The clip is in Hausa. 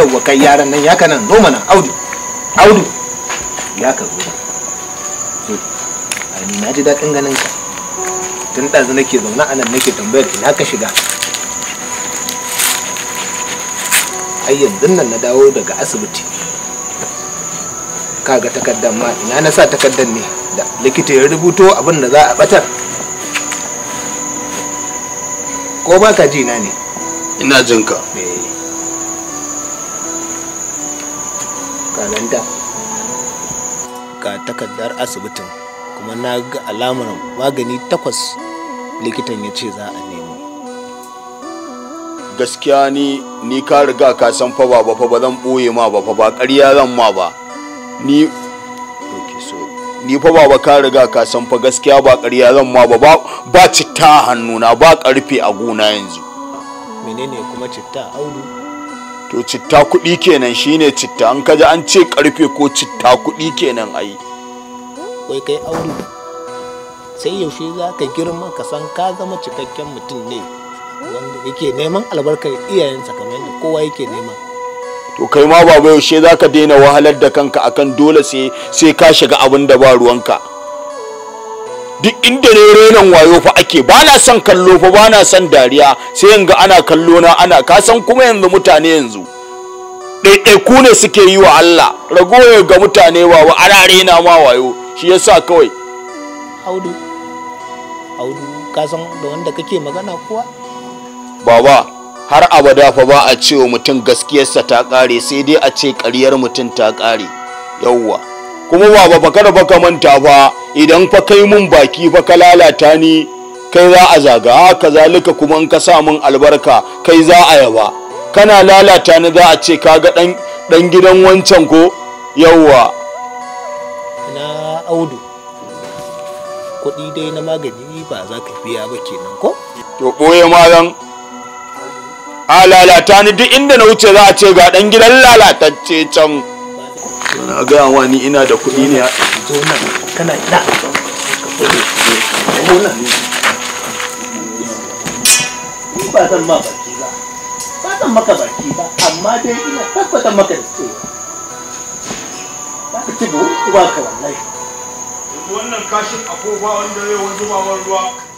yawwa kai yaran nan ya kanan zo mana audu audu ya ka zo a ai na ji daɗin ganin ka tun ɗazu nake zaune a nan nake tambayar ina ka shiga ai yanzu nan na dawo daga asibiti kaga takardar ma ina na sa takardar ne da likita ya rubuto abin da za a batar ko ba ka ji na ne ina jinka ka. Eh. mutanen da ga takardar asibitin kuma na ga alamar magani takwas likitan ya ce za a nemo gaskiya ni ni ka riga ka san fa ba fa ba zan boye ma ba fa ba ƙarya zan ma ba ni ni fa baba ka riga ka san fa gaskiya ba ƙarya zan ma ba ba citta a hannuna ba ƙarfe a gona yanzu menene kuma citta audu to citta kuɗi kenan shine citta an kaji an ce karfe ko citta kuɗi kenan ai wai kai aure sai yaushe za ka girma ka san ka zama cikakken mutum ne wanda yake neman albarkar iyayensa kamar yadda kowa yake nema to kai ma baba yaushe za ka daina wahalar da kanka akan dole sai ka shiga abin da ba ruwanka duk inda ne renon wayo fa ake ba na son kallo fa ba na son dariya sai yanga ana kallo na ana kasan kuma yanzu mutane yanzu ɗaiɗaiku ne suke yi wa Allah ragowa ga mutane wawa ana rena ma wayo shi yasa kawai haudu kasan da wanda kake magana kuwa baba har abada fa ba a cewa mutum gaskiyarsa ta ƙare sai dai a ce ƙaryar mutum ta ƙare yawwa kuma ba ba baka manta ba idan fa kai mun baki fa ka lalata ni kai za a zaga haka zalika kuma in ka sa mun albarka kai za a yaba kana lalata ni za a ce kaga dan dan gidan wancan ko yawwa na audu kuɗi dai na magani ba za ka biya ba kenan ko to ɓoye malam a lalata ni duk inda na wuce za a ce ga ɗan gidan lalatacce can na gaya wa ni ina da kuɗi ne zo kana ina ba zan ma baki ba ba zan maka baki ba amma dai ina maka da ba ka ci ba ka wallahi wannan kashin akwai ba wanda zai wanzu ruwa